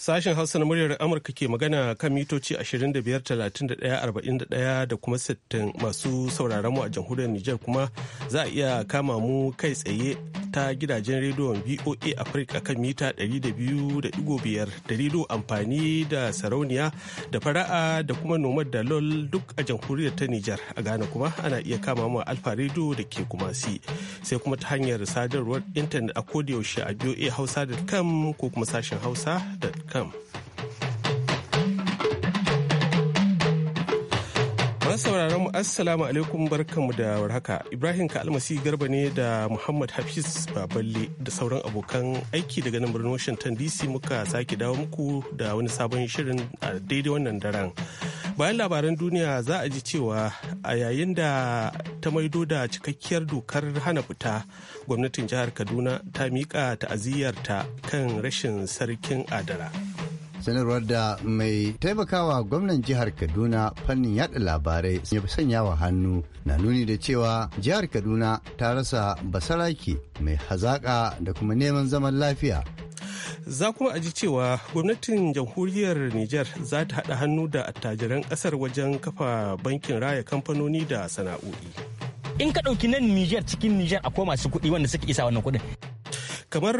Sashen Hausa na muryar Amurka ke magana kan mitoci 25,31,41 da kuma 60 masu sauraron mu a jamhuriyar Nijar kuma za a iya kama mu kai tsaye ta gidajen rediyon VOA Africa kan mita 200.5 da rediyo amfani da sarauniya da fara'a da kuma nomad da lol duk a jamhuriyar ta Nijar a Ghana kuma ana iya kama mu alfa rediyo da ke kuma si sai kuma ta hanyar sadarwar intanet a kodayaushe a voa hausa.com ko kuma sashen hausa da. amurka.com sauraron mu assalamu alaikum barkanmu da warhaka ibrahim ka almasi garba ne da muhammad hafiz baballe da sauran abokan aiki daga nan birnin washington dc muka sake dawo muku da wani sabon shirin a daidai wannan daren bayan labaran duniya za a ji cewa a yayin da ta maido da cikakkiyar dokar hana fita gwamnatin jihar kaduna ta miƙa ta'aziyyarta kan rashin sarkin adara sanarwar da mai taimakawa gwamnan jihar kaduna fannin yada labarai ya sanya wa hannu na nuni da cewa jihar kaduna ta rasa basaraki mai hazaka da kuma neman zaman lafiya za kuma a ji cewa gwamnatin jamhuriyar niger za ta haɗa hannu da attajiran ƙasar wajen kafa bankin raya kamfanoni da sana'o'i in ka ɗauki nan niger cikin niger akwai masu kuɗi wanda suka isa wannan kuɗin kamar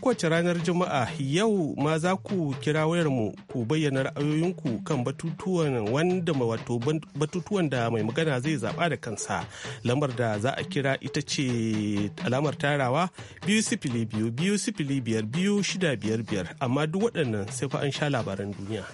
kowace ranar juma'a yau ma za ku kira wayarmu ku bayyana ra'ayoyinku kan batutuwan wanda wato batutuwan da mai magana zai zaba da kansa lamar da za a kira ita ce alamar tarawa biyu sifili biyu biyu sifili biyar biyu shida biyar biyar amma duk waɗannan sai fa an sha labaran duniya.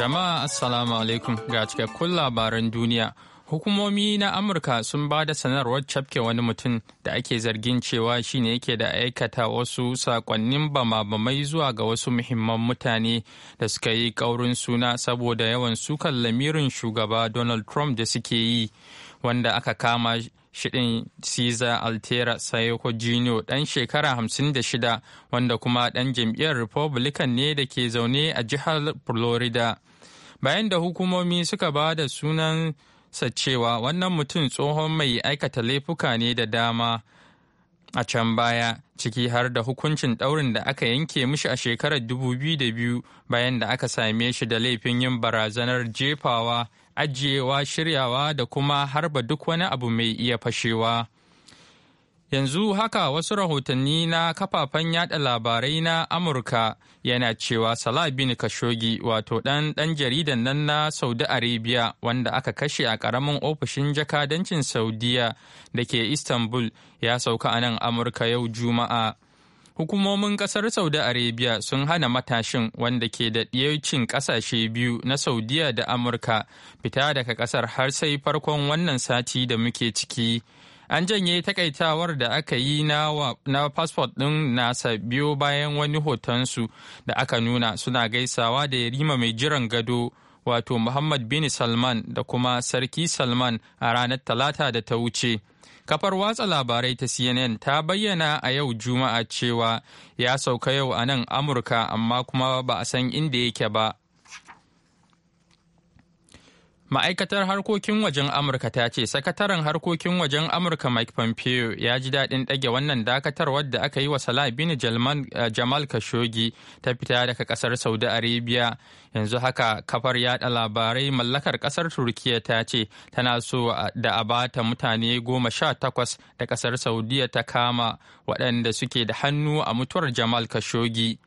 Jama'a Assalamu alaikum ga cikakkun labaran duniya. Hukumomi na Amurka sun ba da sanarwar cafke wani mutum da ake zargin cewa shine yake da aikata wasu sakonnin bama-bamai zuwa ga wasu muhimman mutane da suka yi kaurin suna saboda yawan sukan lamirin shugaba Donald Trump da suke yi, wanda aka kama shiɗin Caesar Altera Sayoko Jr. ɗan shekara hamsin da shida wanda kuma ɗan jam'iyyar Republican ne da ke zaune a jihar Florida. bayan da hukumomi suka ba da sunan sa cewa wannan mutum tsohon mai aikata laifuka ne da dama a can baya ciki har da hukuncin ɗaurin da aka yanke mishi a shekarar 2002 bayan da aka same shi da laifin yin barazanar jefawa ajiyewa shiryawa da kuma harba duk wani abu mai iya fashewa. Yanzu haka wasu rahotanni na kafafen yada labarai na Amurka yana cewa Salah bin wato ɗan ɗan jaridan nan na Saudi Arabia wanda aka kashe a ƙaramin ofishin jakadancin Saudiya da ke Istanbul ya sauka a nan Amurka yau Juma'a. Hukumomin ƙasar Saudi Arabia sun hana matashin wanda ke da ɗiyaucin ƙasashe biyu na Saudiya da Amurka fita daga ƙasar har sai farkon wannan sati da muke ciki. an janye takaitawar da aka yi na fasfot ɗin nasa biyo bayan wani hotonsu da aka nuna suna gaisawa da yarima mai jiran gado wato muhammad bin salman da kuma sarki salman a ranar talata da ta wuce kafar watsa labarai ta cnn ta bayyana a yau juma'a cewa ya sauka yau a nan amurka amma kuma ba a san inda yake ba Ma'aikatar harkokin wajen Amurka ta ce sakataren harkokin wajen Amurka Mike Pompeo ya ji daɗin ɗage wannan dakatar wadda aka yi wa Salah bin eh, Jamal Khashoggi ta fita daga ƙasar Saudi Arabia. Yanzu haka kafar yada labarai mallakar ƙasar turkiyya ta ce tana so da a bata mutane goma sha takwas da ƙasar Saudiya ta kama waɗanda suke da hannu a mutuwar Jamal Khashoggi.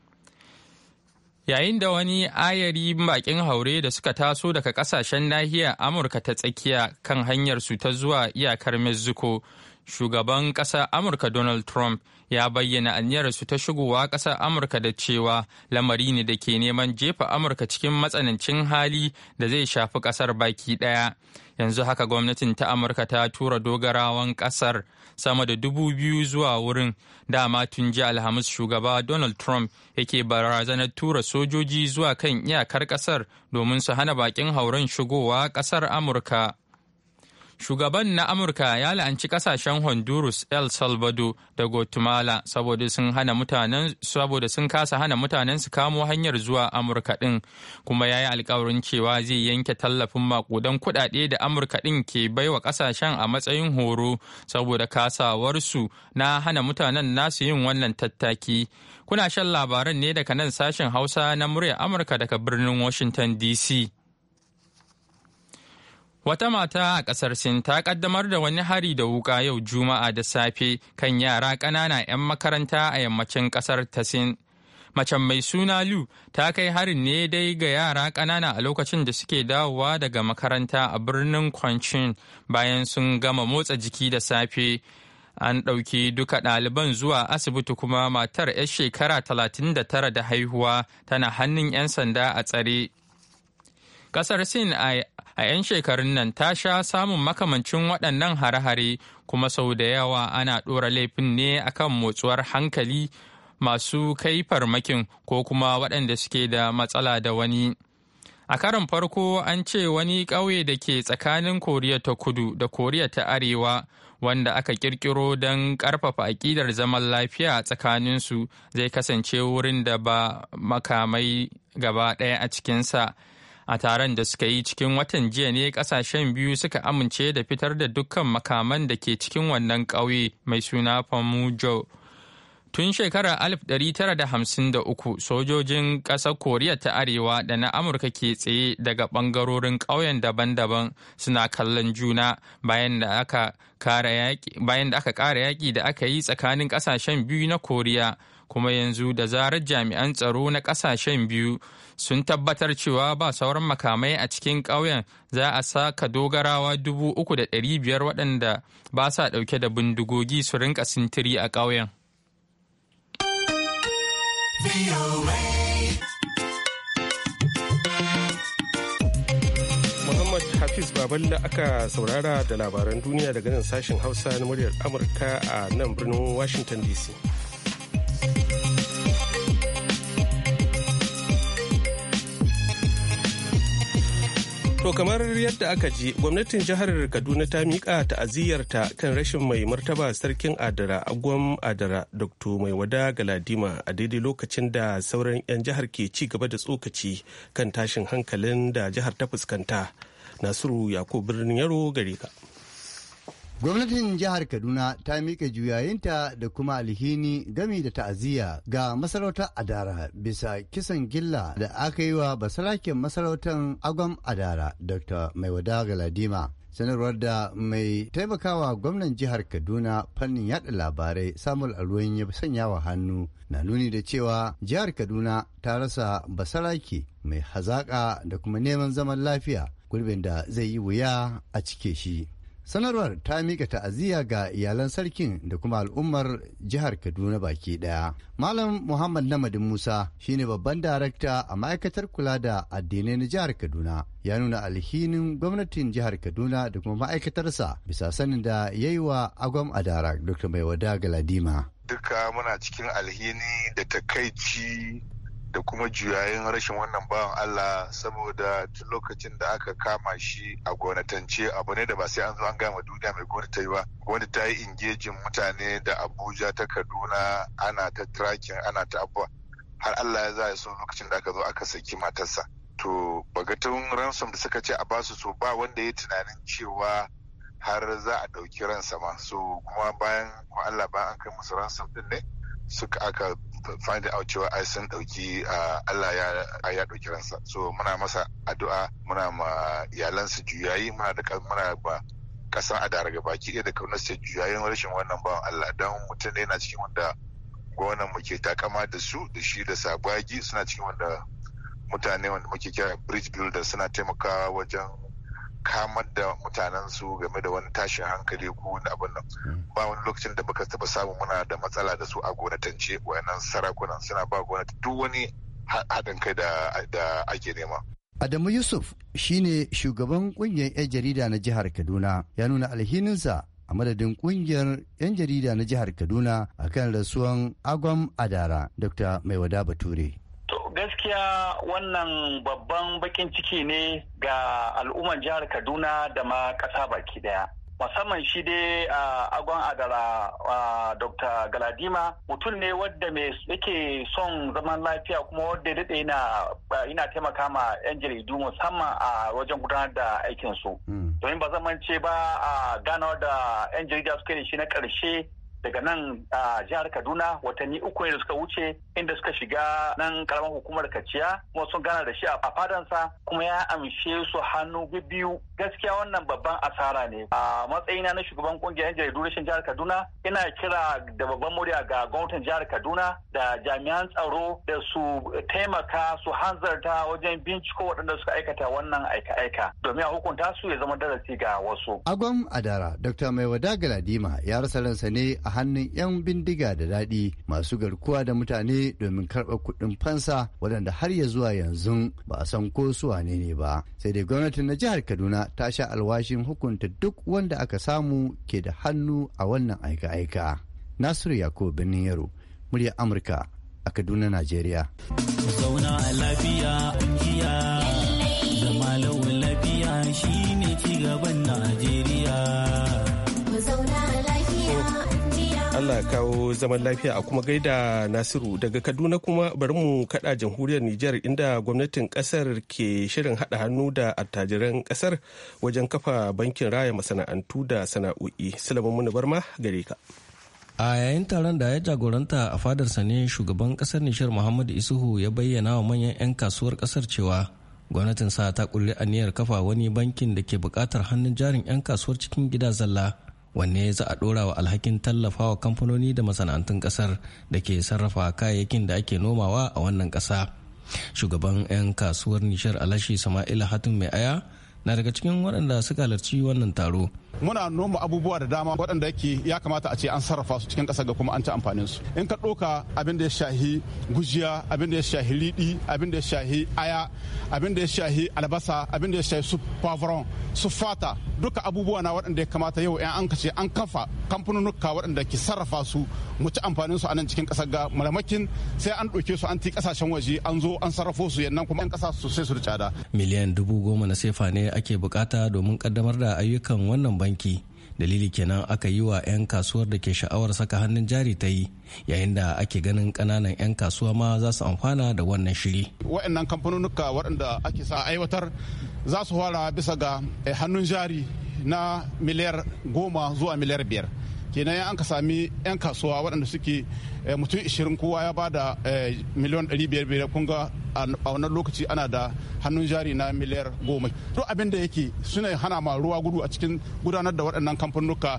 yayin da wani ayari bakin haure da suka taso daga kasashen nahiyar amurka ta tsakiya kan hanyar su ta zuwa iyakar mexico shugaban ƙasar amurka donald trump ya bayyana aniyarsu ta shigowa ƙasar amurka da cewa lamari ne da ke neman jefa amurka cikin matsanancin hali da zai shafi ƙasar baki ɗaya yanzu haka gwamnatin ta amurka ta tura dogarawan ƙasar sama da dubu biyu zuwa wurin dama tun ji alhamis shugaba donald trump yake barazanar tura sojoji zuwa kan iyakar ƙasar domin su hana bakin hauren shigowa ƙasar amurka Shugaban na Amurka ya la'anci kasashen Honduras, El Salvador da Guatemala saboda sun hana mutanen saboda sun kasa hana mutanen su kamo hanyar zuwa Amurka din kuma ya yi alkawarin cewa zai yanke tallafin makudan kudade da Amurka din ke baiwa kasashen a matsayin horo saboda kasawarsu na hana mutanen nasu yin wannan tattaki. Kuna shan labaran ne daga nan sashen Hausa na muryar Amurka daga birnin Washington DC. Wata mata a ƙasar Sin ta ƙaddamar da wani hari da wuka yau Juma'a da safe kan yara ƙanana 'yan makaranta a yammacin ƙasar ta Sin. Macen mai suna Lu ta kai harin ne dai ga yara ƙanana a lokacin da suke dawowa daga makaranta a birnin Kwancin bayan sun gama motsa jiki da safe. An ɗauki duka ɗaliban zuwa asibiti kuma matar 'yar shekara 39 da haihuwa tana hannun 'yan sanda a tsare. ƙasar Sin a a 'yan shekarun nan ta sha samun makamancin waɗannan hare-hare kuma sau da yawa ana ɗora laifin ne akan motsuwar hankali masu kai farmakin ko kuma waɗanda suke da matsala da wani. A karon farko an ce wani ƙauye da ke tsakanin Koriya ta kudu da Koriya ta arewa wanda aka ƙirƙiro don ƙarfafa aƙidar zaman lafiya a tsakaninsu zai kasance wurin da ba makamai gaba ɗaya a cikinsa a taron da suka yi cikin watan jiya ne kasashen biyu suka amince da fitar da dukkan makaman da ke cikin wannan ƙauye mai suna famujo tun shekarar 1953 sojojin ƙasar koriya ta arewa da na amurka ke tsaye daga ɓangarorin ƙauyen daban-daban suna kallon juna bayan da aka ƙara yaƙi da aka yi tsakanin ƙasashen biyu na koriya kuma yanzu da zarar jami'an tsaro na kasashen biyu sun tabbatar cewa ba sauran makamai a cikin ƙauyen za a saka dogarawa dubu uku da ɗari biyar waɗanda ba sa ɗauke da bindigogi su rinka sintiri a ƙauyen. Muhammad Hafiz Baballe aka saurara da labaran duniya daga nan sashen Hausa na muryar Amurka a nan birnin Washington DC. To kamar yadda aka ji gwamnatin jihar Kaduna ta miƙa ta'aziyarta kan rashin mai martaba sarkin Adara agwam Adara Dr. Maiwada Galadima a daidai lokacin da sauran 'yan jihar ke ci gaba da tsokaci kan tashin hankalin da jihar ta fuskanta. Nasiru Yakubu Birnin Yaro gare ka. Gwamnatin jihar Kaduna ta miƙa juyayinta da kuma alhini gami da ta'aziyya ga masarautar Adara bisa kisan gilla da aka yi wa basarakin masarautar Agwam Adara Dr. Maiwada Galadima. sanarwar da mai taimakawa gwamnan jihar kaduna fannin yada labarai samun alwan ya sanya wa hannu na nuni da cewa jihar kaduna ta rasa basaraki mai hazaƙa da kuma neman zaman lafiya gurbin da zai yi wuya a cike shi sanarwar ta mika ta'aziyya ga iyalan sarkin da kuma al'ummar jihar kaduna baki daya malam muhammad namadin musa shine babban darakta a ma'aikatar kula da addinai na jihar kaduna ya nuna alhinin gwamnatin jihar kaduna da kuma ma'aikatarsa bisa sanin da ya yi wa agwam adara, dr mai wada galadima duka muna cikin alhini da takaici da kuma juyayin rashin wannan bawan Allah saboda tun lokacin da aka kama shi a gonatance, abu ne da ba sai an zo an gama duniya mai gwamnati ta yi ba ta yi ingejin mutane da Abuja ta Kaduna ana ta tracking ana ta abuwa har Allah ya za so lokacin da aka zo aka saki matarsa to bagatun ransom da suka ce a basu so ba wanda ya tunanin cewa har za a ɗauki ransa ma so kuma bayan Allah bayan an kai musu ransom din ne suka aka find out cewa ai sun dauki Allah ya ya dauki ransa so muna masa addu'a muna ma su juyayi muna da muna ba kasan a daraga baki ɗaya da kaunarsa juyayin rashin wannan bawan Allah don mutum ne yana cikin wanda Gwamnan mu ke takama da su da shi da sabagi suna cikin wanda mutane wanda muke kira bridge builder suna taimakawa wajen kamar da mutanen su game da wani tashin hankali ko wani abin nan hmm. ba wani lokacin da muka taba samu muna da matsala da su a gonatance wayannan sarakunan suna ba gonata duk wani haɗin kai da ake nema Adamu Yusuf shine shugaban kungiyar 'yan jarida na jihar Kaduna ya nuna alhininsa a madadin kungiyar 'yan jarida na jihar Kaduna akan rasuwan Agwam Adara Dr. Maiwada Bature. gaskiya wannan babban bakin ciki ne ga al'umman jihar Kaduna da ma ƙasa baki daya. musamman shi dai a agon adara dr galadima mutum ne wadda mai yake son zaman lafiya kuma wadda ya daɗe yana taimaka ma 'yan jaridu musamman a wajen gudanar da aikinsu hmm. domin ba zaman ce ba a ganawa da 'yan jarida suke yi shi na ƙarshe daga nan a jihar Kaduna watanni uku ne da suka wuce inda suka shiga nan karamar hukumar Kaciya kuma sun gana da shi a fadansa kuma ya amshe su hannu biyu gaskiya wannan babban asara ne a matsayina na shugaban kungiyar yan jaridu rashin jihar kaduna ina kira da babban murya ga gwamnatin jihar kaduna da jami'an tsaro da su taimaka su hanzarta wajen binciko waɗanda suka aikata wannan aika-aika domin a hukunta su ya zama darasi ga wasu agwam adara dr wada galadima ya rasa ransa ne a hannun yan bindiga da daɗi masu garkuwa da mutane domin karɓar kuɗin fansa waɗanda har ya zuwa yanzu ba a san ko su wane ne ba sai dai gwamnatin na jihar kaduna ta sha alwashin hukunta duk wanda aka samu ke da hannu a wannan aika-aika. Nasiru Yakubu Birnin Yaro, murya Amurka a Kaduna, Najeriya. Zauna a lafiya, lafiya shine gaban Allah ya kawo zaman lafiya a kuma gaida Nasiru daga Kaduna kuma bari mu kada jamhuriyar Nijar inda gwamnatin kasar ke shirin hada hannu da attajiran kasar wajen kafa bankin raya masana'antu da sana'o'i. Sulaiman Muni Barma gare ka. a yayin taron da ya jagoranta a fadar ne shugaban kasar nijar muhammadu isuhu ya bayyana wa manyan 'yan kasuwar kasar cewa gwamnatin sa ta kulli aniyar kafa wani bankin da ke bukatar hannun jarin 'yan kasuwar cikin gida zalla wanne za a ɗora wa alhakin tallafawa kamfanoni da masana'antun ƙasar da ke sarrafa kayayyakin da ake nomawa a wannan ƙasa shugaban 'yan kasuwar nishar alashi sama'ila hatun mai aya na daga cikin waɗanda suka halarci wannan taro muna noma abubuwa da dama waɗanda yake ya kamata a ce an sarrafa su cikin ƙasa ga kuma an ci amfanin su in ka ɗoka abin da ya shahi gujiya abin da ya shahi riɗi abin da ya shahi aya abin da ya shahi albasa abin da ya shahi su pavron su fata duka abubuwa na waɗanda ya kamata yau yan an kace an kafa kamfanonuka waɗanda ke sarrafa su mu ci amfanin su a nan cikin ƙasar ga malamakin sai an ɗauke su an ti ƙasashen waje an zo an sarrafo su yannan kuma an ƙasa su sai su da miliyan dubu goma na sefa ne ake bukata domin kaddamar da ayyukan wannan banki dalili kenan aka yi wa 'yan kasuwar da ke sha'awar saka hannun jari ta yi yayin da ake ganin kananan 'yan kasuwa ma za su amfana da wannan shiri waannan kamfanonuka waɗanda ake sa aiwatar za su fara bisa ga eh, hannun jari na miliyar goma zuwa miliyar biyar kenan an ka sami 'yan kasuwa waɗanda suke eh, mutum 20 kowa ya ba da eh, miliyan 500 kun ga a wannan lokaci ana da hannun jari na miliyar goma duk abin da yake suna hana ma ruwa gudu a cikin gudanar da waɗannan kamfanuka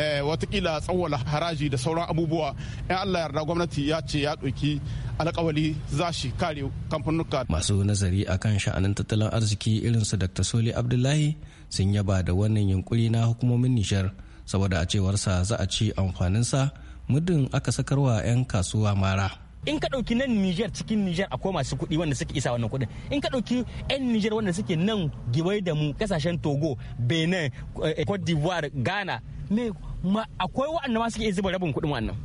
eh, watakila tsawwala haraji da sauran abubuwa yan allah yarda gwamnati ya ce ya ɗauki alkawali za shi kare kamfanuka masu nazari akan sha'anin tattalin arziki irinsu dr soli abdullahi sun yaba da wannan yunkuri na hukumomin nijar. saboda a cewarsa za a ci amfaninsa muddin aka sakarwa 'yan kasuwa mara. in ka ɗauki nan Niger cikin Niger akwai masu kuɗi wanda suke isa wannan kuɗin in ka ɗauki 'yan Niger wanda suke nan giwai da mu kasashen Togo Benin eh, Cote d'Ivoire Ghana me akwai waɗanda ma suke zuba rabin kuɗin wannan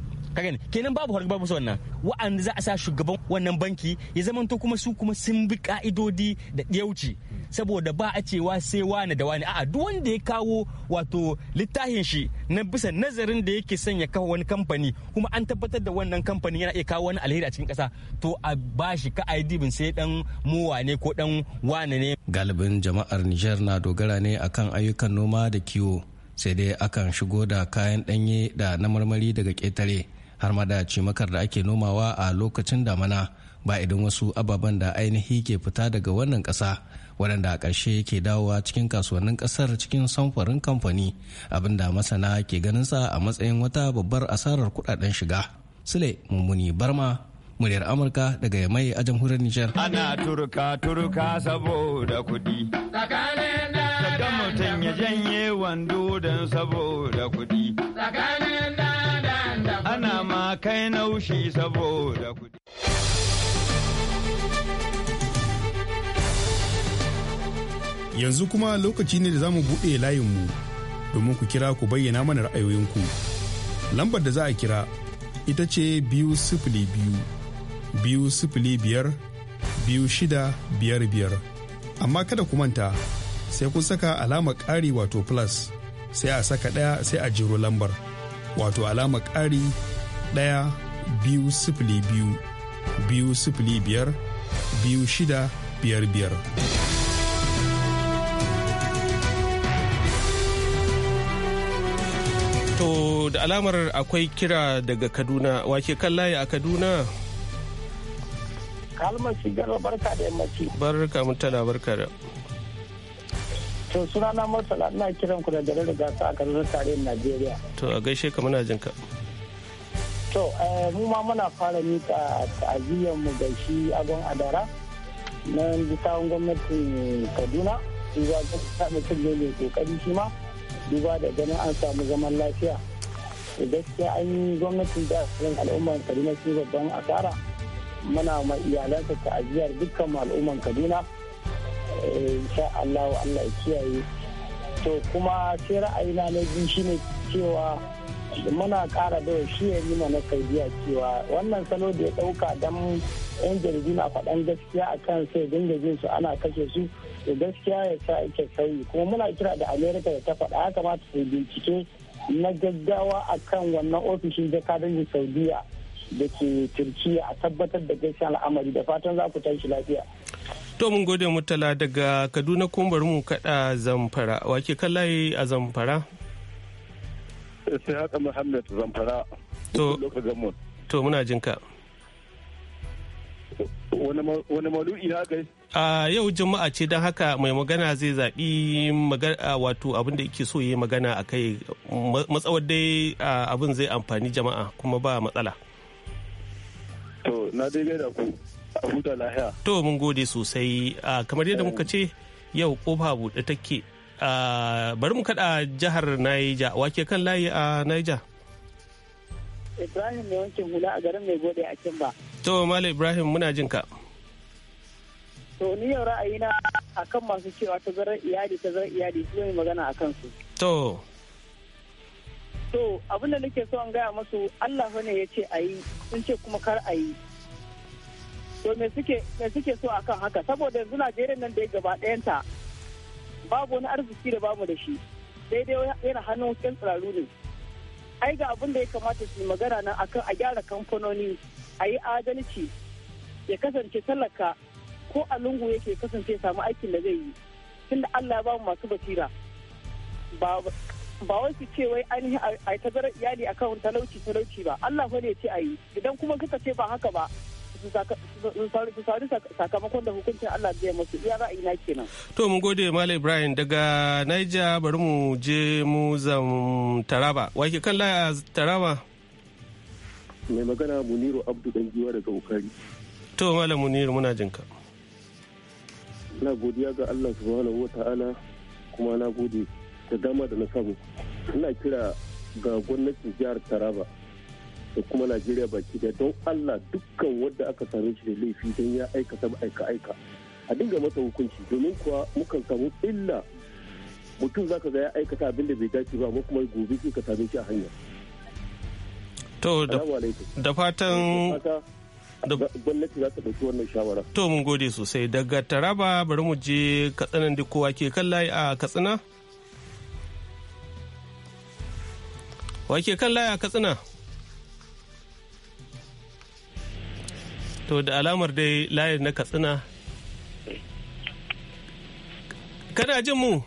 ne kenan babu harga musu wannan wa'anda za a sa shugaban wannan banki ya zamanto kuma su kuma sun bi ka'idodi da ɗiyauci saboda ba a cewa sai wani da wani a'a duk wanda ya kawo wato littafin shi na bisa nazarin da yake sanya ya kawo wani kamfani kuma an tabbatar da wannan kamfani yana iya kawo wani alheri a cikin ƙasa to a bashi shi ka bin sai dan muwa ne ko dan wani ne galibin jama'ar Niger na dogara ne akan ayyukan noma da kiwo sai dai akan shigo da kayan ɗanye da na marmari daga ketare. har ma da cimakar da ake nomawa a lokacin damana ba idan wasu ababen da ainihi ke fita daga wannan ƙasa waɗanda a ƙarshe ke dawowa cikin kasuwannin ƙasar cikin samfarin kamfani abinda masana ke ganin sa a matsayin wata babbar asarar kuɗaɗen shiga sule mummuni barma muryar amurka daga yamai a jamhuriyar nijar ana turka turka saboda kuɗi mutum ya janye wando don saboda kuɗi kai naushi saboda kuɗi. Yanzu kuma lokaci ne da za mu buɗe layinmu domin ku kira ku bayyana mana ra'ayoyinku. Lambar da za a kira ita ce biyu sifili biyu, biyu sifili biyar, biyu shida biyar biyar. Amma kada ku manta sai ku saka alama ƙari wato plus sai a saka ɗaya sai a jiro lambar wato alama ƙari ɗaya biyu sifili biyu biyu sifili biyar biyu shida biyar biyar. To da alamar akwai kira daga Kaduna wake kan layi a Kaduna. Kalmar shigar barka da yammaci. Barka mutana barka da. To suna na Murtala ina kiran ku da dare da gasa a Kaduna tarayyar Najeriya. To a gaishe ka muna jinka. ka. To, eh, mu ma muna fara mika mu ga shi agon adara na bisawan gwamnatin Kaduna, duba ga mutum ne kokari shi ma, duba da ganin an samu zaman lafiya. gaskiya an yi gwamnatin da al'umman Kaduna sun babban asara. muna ma iyalansa ta'aziyar dukkan al'umman kaduna eh, insha Allah Allah ya kiyaye to kuma sai ra'ayi na biyu shine cewa muna kara da shi ya yi mana kaidiya cewa wannan salo da ya dauka don yan jaridu na faɗan gaskiya a kan sai dinga jin su ana kashe su da gaskiya ya sa ake sauyi kuma muna kira da america da ta faɗa ya kamata su bincike na gaggawa a kan wannan ofishin jakadancin saudiya da ke turkiya a tabbatar da gaskiya al'amari da fatan za ku tashi lafiya To mun gode mutala daga Kaduna kuma bari mu kada zamfara. Wake kallaye a zamfara? sai haka muhammad zamfara to to muna jin ka wani malu'i na kai a yau juma'a ce don haka mai magana zai zaɓi wato abin da yake so yi magana a kai matsawar dai abin zai amfani jama'a kuma ba matsala to na dai gaida ku a huta lahiya to mun gode sosai kamar yadda muka ce yau kofa buɗe take bari mu kada jihar Naija wake kan layi a Naija. Ibrahim mai wankin hula a garin mai gode a Kimba. To Malam Ibrahim muna jin ka. To ni yau ra'ayina akan masu cewa ta zarar iyali ta zarar iyali su yi magana akan su. To. To abin da nake so an gaya masu Allah ne ya ce a yi sun ce kuma kar a yi. to me suke me suke so akan haka saboda yanzu Najeriya nan da ya gaba ɗayanta babu wani arziki da bamu da shi sai dai yana hannun kyan tsararru ne ai ga abin da ya kamata su magana nan akan a gyara kamfanoni a yi adalci ya kasance talaka ko a lungu yake kasance samu aikin da zai yi tunda Allah ya bamu masu basira ba wasu ce wai ainihin a tazarar iyali akan talauci talauci ba Allah ne ya ce a yi idan kuma suka ce ba haka ba Su sauri sakamakon da hukuncin Allah zai musu iya ra'ayina kenan. To mun gode Malam Ibrahim daga Niger bari mu je mu zam Taraba. Wa Wake kan laya Taraba? Mai magana Muniru Abdu dan giwa daga Ukari. To Malam Muniru muna jin ka. Na godiya ga Allah subhanahu wa ta'ala kuma na gode da dama da na samu. Ina kira ga gwamnatin jihar Taraba. da kuma najeriya baki da don allah dukkan wanda aka same shi da laifi don ya aikata aika aika a dinga mata hukunci domin kuwa mukan samu illa mutum zaka ga ya aikata abin da bai dace ba kuma gobe sai ka same shi a hanya to da fatan gwamnati za ta ɗauki wannan shawara to mun gode sosai daga taraba bari mu je katsinan da kowa ke kan layi a katsina wa ke kan layi a katsina to da alamar dai layin na katsina kada jin mu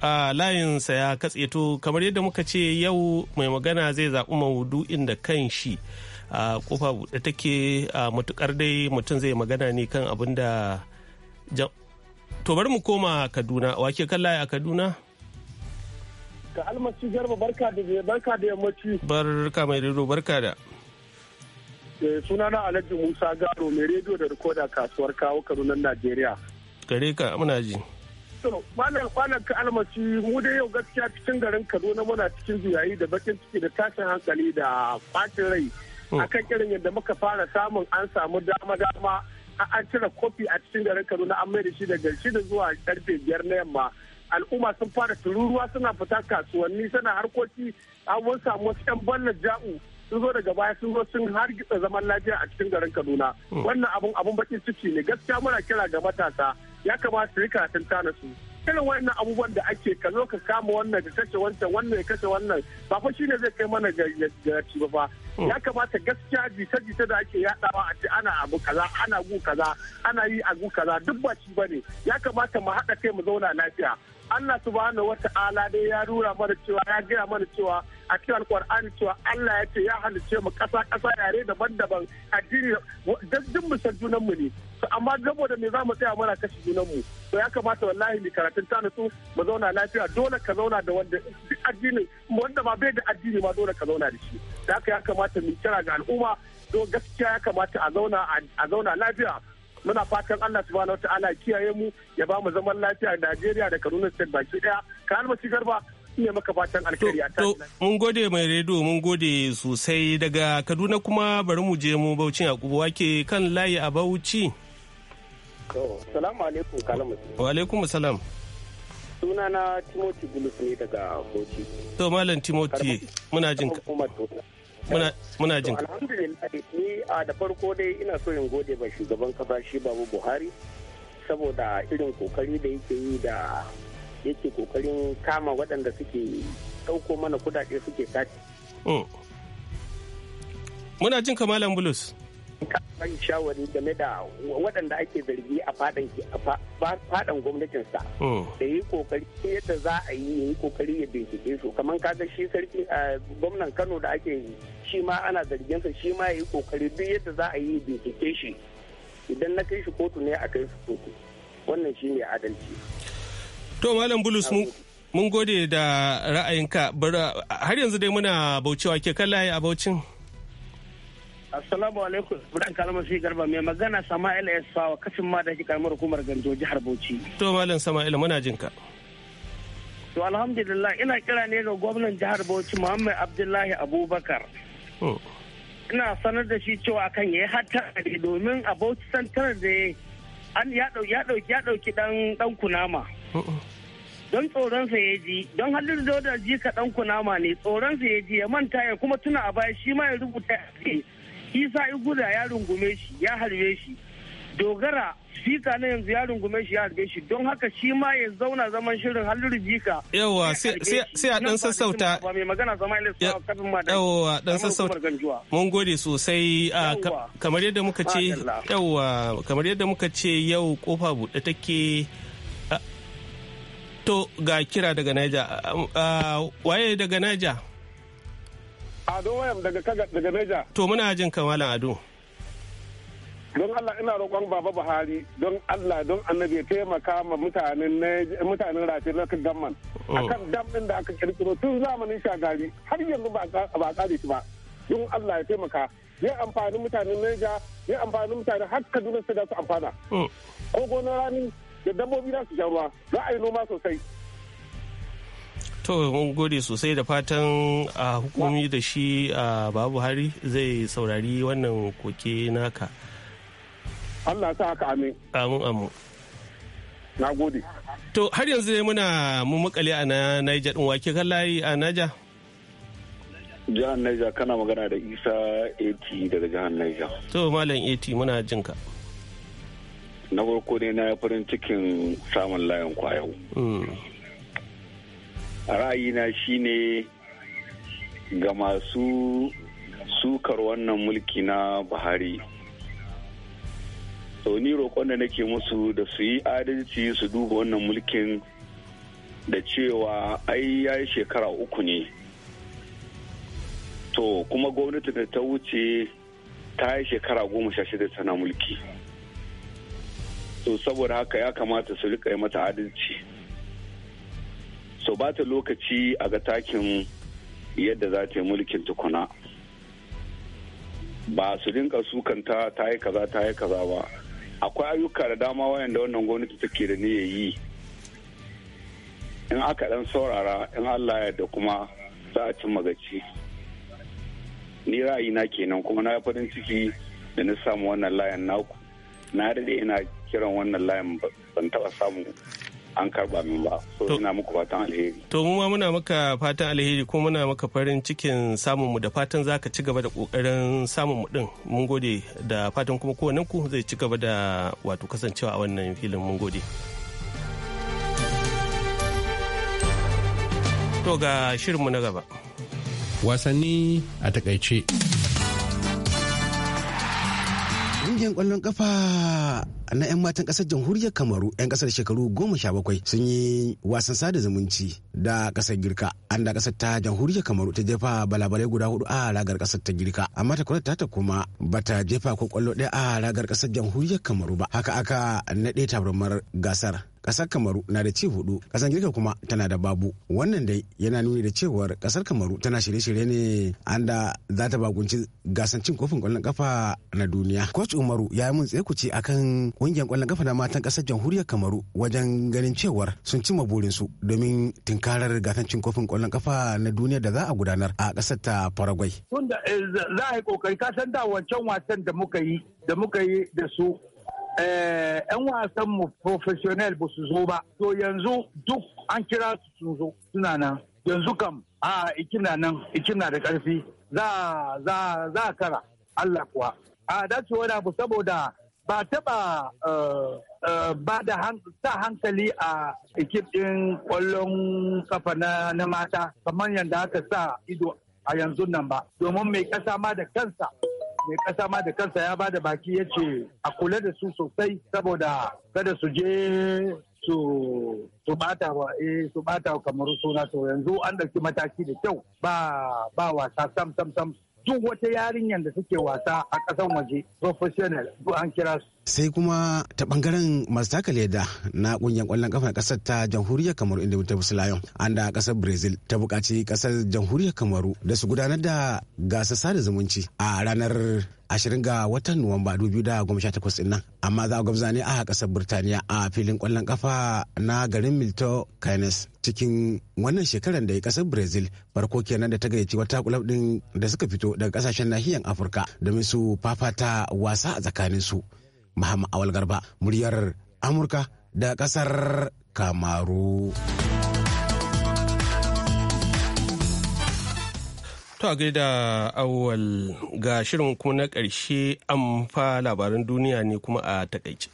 a sa ya katse to kamar yadda muka ce yau mai magana zai zaɓi maudu inda kan shi a kofa buɗe take a matukar dai mutum zai magana ne kan abin da to bari mu koma kaduna wake kan layi a kaduna ka almasu garba barka da barka da yammaci barka mai rido barka da Eh, suna na alhaji musa garo mai rediyo da rikoda kasuwar kawo kaduna najeriya gare ka muna ji malam kwanan ka almasi mu dai yau gaskiya cikin garin kaduna muna cikin juyayi da bakin ciki da tashin hankali da fatin rai hmm. akan irin yadda muka fara samun an samu dama dama an cire kofi a cikin garin kaduna an mai da shi daga shida zuwa karfe biyar na yamma al'umma sun fara tururuwa suna fita kasuwanni suna harkoki an samu wasu 'yan ballar ja'u sun zo daga baya sun zo sun hargitsa zaman lafiya a cikin garin kaduna hmm. wannan abun abun bakin ciki ne gaskiya muna kira ga matasa ya kamata su yi karatun tana su kiran wannan abubuwan da ake ka zo ka kama wannan ka kashe wancan wannan ya kashe wannan ba fa shine zai kai mana ga ci ba hmm. ya kamata gaskiya jita jita da ake yadawa a ce ana abu kaza ana gu kaza ana yi abu kaza duk ba ci bane ya kamata mu haɗa kai mu zauna lafiya Allah subhanahu ta'ala dai ya rura mana cewa ya gaya mana cewa a cikin alkur'ani cewa Allah ya ce ya halice mu kasa kasa yare daban-daban addini duk mu san junan mu ne to amma saboda me zamu tsaya mana kashe junanmu. to ya kamata wallahi mu karatun ta nutsu mu zauna lafiya dole ka zauna da wanda addini wanda ba bai da addini ma dole ka zauna da shi da haka ya kamata mu kira ga al'umma to gaskiya ya kamata a zauna a zauna lafiya muna fatan Allah subhanahu wataala kiyaye mu ya ba mu zaman lafiya a Najeriya da Kaduna State baki daya ka almasi garba ne maka fatan alkhairi a to mun gode mai rediyo mun gode sosai daga Kaduna kuma bari mu je mu Bauchi Yakubu wake kan layi a Bauchi Salamu alaikum kalamu. Wa alaikum salam. suna na timothy bulus ne daga bauchi to malam timothy muna jin ka muna jin ka alhamdulillah ni da farko dai ina so in gode ba shugaban kasa shi babu buhari saboda irin kokari da yake yi da yake kokarin kama waɗanda suke ɗauko mana kudade suke tace. Mm. muna jin ka malam bulus ban shawari game da waɗanda ake zargi a fadan gwamnatinsa oh. da yi kokari yadda za a yi yi kokari ya bincike su kamar kaga shi sarki gwamnan kano da ake yi shi ma ana zargin shi ma ya yi kokari duk yadda za a yi bincike shi idan na kai shi kotu ne a kai su kotu wannan shi ne adalci to malam bulus mu mun gode da ra'ayinka har yanzu dai muna baucewa ke kallaye a baucin Assalamu alaikum, Budan shi Garba mai magana Sama'il sawa kasin ma da karamar hukumar Ganjo jihar Bauchi. To Malam Sama'il muna jin ka. To alhamdulillah ina kira ne ga gwamnan jihar Bauchi Muhammad Abdullahi Abubakar. Oh. Ina sanar da shi cewa kan yayi hattara domin a Bauchi center da an ya dauki ya dauki ya dauki dan dan kunama. Oh, oh. Don sa ya ji, don halin da ji ka dan kunama ne sa ya ji ya manta ya kuma tuna a baya shi ma ya rubuta isa iguda ya rungume shi ya harbe shi dogara sika na yanzu ya rungume shi ya harbe shi don haka shi ma ya zauna zaman shirin halin jika yawa sai a dan sassauta yawa dan sassauta mun gode sosai kamar yadda muka ce yawa kamar yadda muka ce yau kofa buɗe take to ga kira daga naija waye daga naija Ado Wayam daga Kaga daga Neja. To muna jin kamalan Ado. Don Allah ina roƙon Baba Buhari don Allah don Annabi ya taimaka ma mutanen mutanen Rafi na Kagamman. Oh. Akan dam din da aka kirkiro tun zamanin shagari har yanzu ba a kare shi ba. Don Allah ya taimaka ya amfani mutanen Neja ya amfani mutanen har Kaduna su da su amfana. Oh. Ko gonar rani da dabbobi za su sha ruwa za a yi noma sosai. To, gode sosai da fatan a hukumi da shi a Babu Hari zai saurari wannan koke naka. Allah sa haka amin. Amin amin. Na gode. To, har yanzu muna mu makale a Naija ɗin wake kan layi a Naija? Jihar Naija kana magana da Isa AT daga jihar Naija. To, Malam AT muna jinka. Na farko ne na farin cikin samun layin kwayau. a ra'ayina ne ga masu sukar wannan mulki na buhari ni roƙon da nake musu da su yi adalci su duba wannan mulkin da cewa ai ya yi shekara uku ne to kuma gwamnati da ta wuce ta yi shekara goma sha shida tana mulki to saboda haka ya kamata su rika yi mata adalci so ba ta lokaci a ga takin yadda za ta yi mulkin tukuna ba su dinka sukanta ta yi kaza ta yi kaza ba akwai ayyuka da dama wayanda wannan gwamnati take da niyyar yi in aka dan saurara in allah da kuma za a cin magaci ni ra'ayina kenan kuma na farin ciki da na samu wannan layan naku na daɗe ina kiran wannan layan ban taɓa samu an karba min ba so ina muku fatan alheri to mu ma muna maka fatan alheri ko muna maka farin cikin samun mu da fatan zaka ci gaba da kokarin samun mu din mun gode da fatan kuma kowannen ku zai ci gaba da wato kasancewa a wannan filin mun gode to ga shirinmu na gaba wasanni a takaice ƙungiyar ƙwallon kafa na 'yan matan kasar jamhuriyar kamaru 'yan kasar shekaru goma sha bakwai sun yi wasan sada zumunci da kasar girka an da kasar ta jamhuriyar kamaru ta jefa balabalai guda hudu a ragar kasar ta girka amma ta kwalar ta kuma ta jefa ko kwallo ɗaya a ragar kasar jamhuriyar kamaru ba haka aka naɗe tabarmar gasar kasar kamaru na da ci hudu kasar girka kuma tana da babu wannan dai yana nuni da cewar kasar kamaru tana shirye-shirye ne an da za ta bakunci gasancin cin kofin kwallon kafa na duniya coach umaru ya yi mun tsekuci akan kungiyar ƙwallon kafa da matan ƙasar jamhuriyar kamaru wajen ganin cewar sun cimma burinsu domin tinkarar rigatancin kofin ƙwallon kafa na duniya da za a gudanar a ƙasar ta paraguay. tunda eh, za a yi kokari ka san da wancan wasan da muka yi da muka yi da su 'yan eh, wasan mu professional ba su zo ba to yanzu duk an kira su su zo suna nan yanzu kam a ikina nan ikina da karfi za za za kara Allah kuwa a dace wani abu saboda ba taba eh, eh, ba da sa hankali a ekip ɗin kwallon kafa na mata kamar yadda aka sa ido a yanzu nan ba domin mai kasa ma da kansa mai kasa ma da kansa ya ba da baki ya ce a kula da su sosai saboda kada su je su su bata wa eh su bata kamar suna to yanzu an ɗauki mataki da kyau ba ba wasa sam sam sam duk wata yarinyar da suke wasa a ƙasan waje professional an kira su sai kuma ta bangaren masu taka leda na kungiyar kwallon kafa na kasar ta jamhuriyar kamaru inda ta fi layon an da kasar brazil ta bukaci kasar jamhuriyar kamaru da su gudanar da gasa sada zumunci a ranar ashirin ga watan nuwamba 2018 din nan amma za a gwamza ne a kasar birtaniya a filin kwallon kafa na garin Milton keynes cikin wannan shekarar da ya kasar brazil farko kenan da ta gayyaci wata kulab din da suka fito daga kasashen nahiyar afirka domin su fafata wasa a tsakaninsu Muhammad Awal Garba, muryar Amurka da kasar Kamaru. To a gaida awal ga shirin kuma na ƙarshe an fa labaran duniya ne kuma a takaice.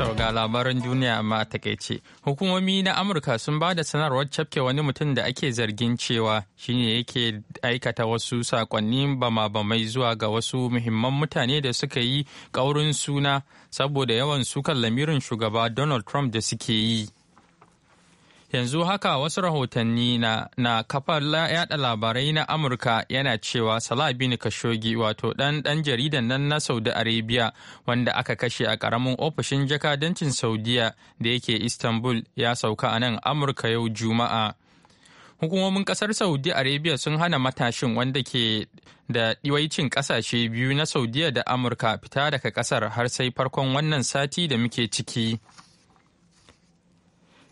To ga labaran duniya amma a takaice. Hukumomi na Amurka sun ba da sanarwar cafke wani mutum da ake zargin cewa shine yake aikata wasu sakonni bama-bamai zuwa ga wasu muhimman mutane da suka yi ƙaurin suna saboda yawan sukan lamirin shugaba Donald Trump da suke yi. yanzu haka wasu rahotanni na, na kafar yada labarai na amurka yana cewa salabini kashogi wato dan dan jaridan nan na saudi arabia wanda aka kashe a karamin ofishin jakadancin saudiya da yake istanbul ya sauka a nan amurka yau juma'a hukumomin kasar saudi arabia sun hana matashin wanda ke da ɗiwaicin ƙasashe biyu na saudiya da amurka fita daga ƙasar har sai farkon wannan sati da muke ciki.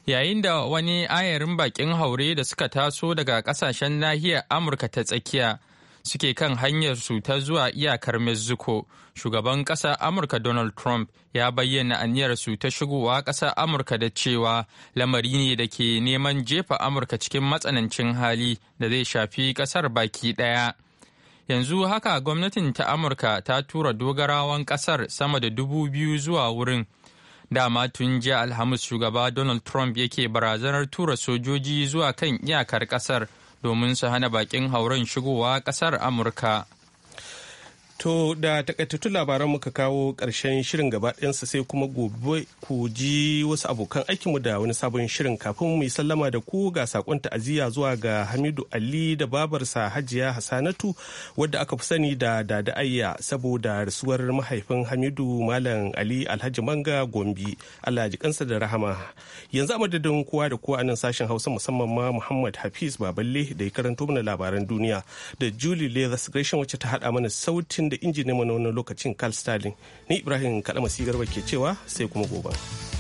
yayin da wani ayarin bakin haure da suka taso daga kasashen nahiyar amurka ta tsakiya suke kan hanyar su ta zuwa iyakar mexico shugaban ƙasar amurka donald trump ya bayyana aniyar su ta shigowa ƙasar amurka da cewa lamari ne da ke neman jefa amurka cikin matsanancin hali da zai shafi ƙasar baki ɗaya yanzu haka gwamnatin ta amurka ta tura dogarawan ƙasar sama da dubu biyu zuwa wurin Dama tun jiya Alhamis shugaba Donald Trump yake barazanar tura sojoji zuwa kan iyakar kasar domin su hana bakin hauren shigowa kasar Amurka. To da takaitattun labaran muka kawo ƙarshen shirin gaba ɗayansa sai kuma gobe ku ji wasu abokan aikinmu da wani sabon shirin kafin mu yi sallama da ku ga sakon ta'aziyya zuwa ga Hamidu Ali da babarsa Hajiya Hassanatu wadda aka fi sani da Dada Ayya saboda rasuwar mahaifin Hamidu Malam Ali Alhaji Manga Gombe Allah ji kansa da rahama. Yanzu a madadin kowa da kowa a nan sashen Hausa musamman ma Muhammad Hafiz Baballe da ya karanto mana labaran duniya da Julie Leathers Gresham wacce ta haɗa mana sautin da inji na wannan lokacin Carl stalin Ni Ibrahim Kaɗa Garba ke cewa sai kuma gobe.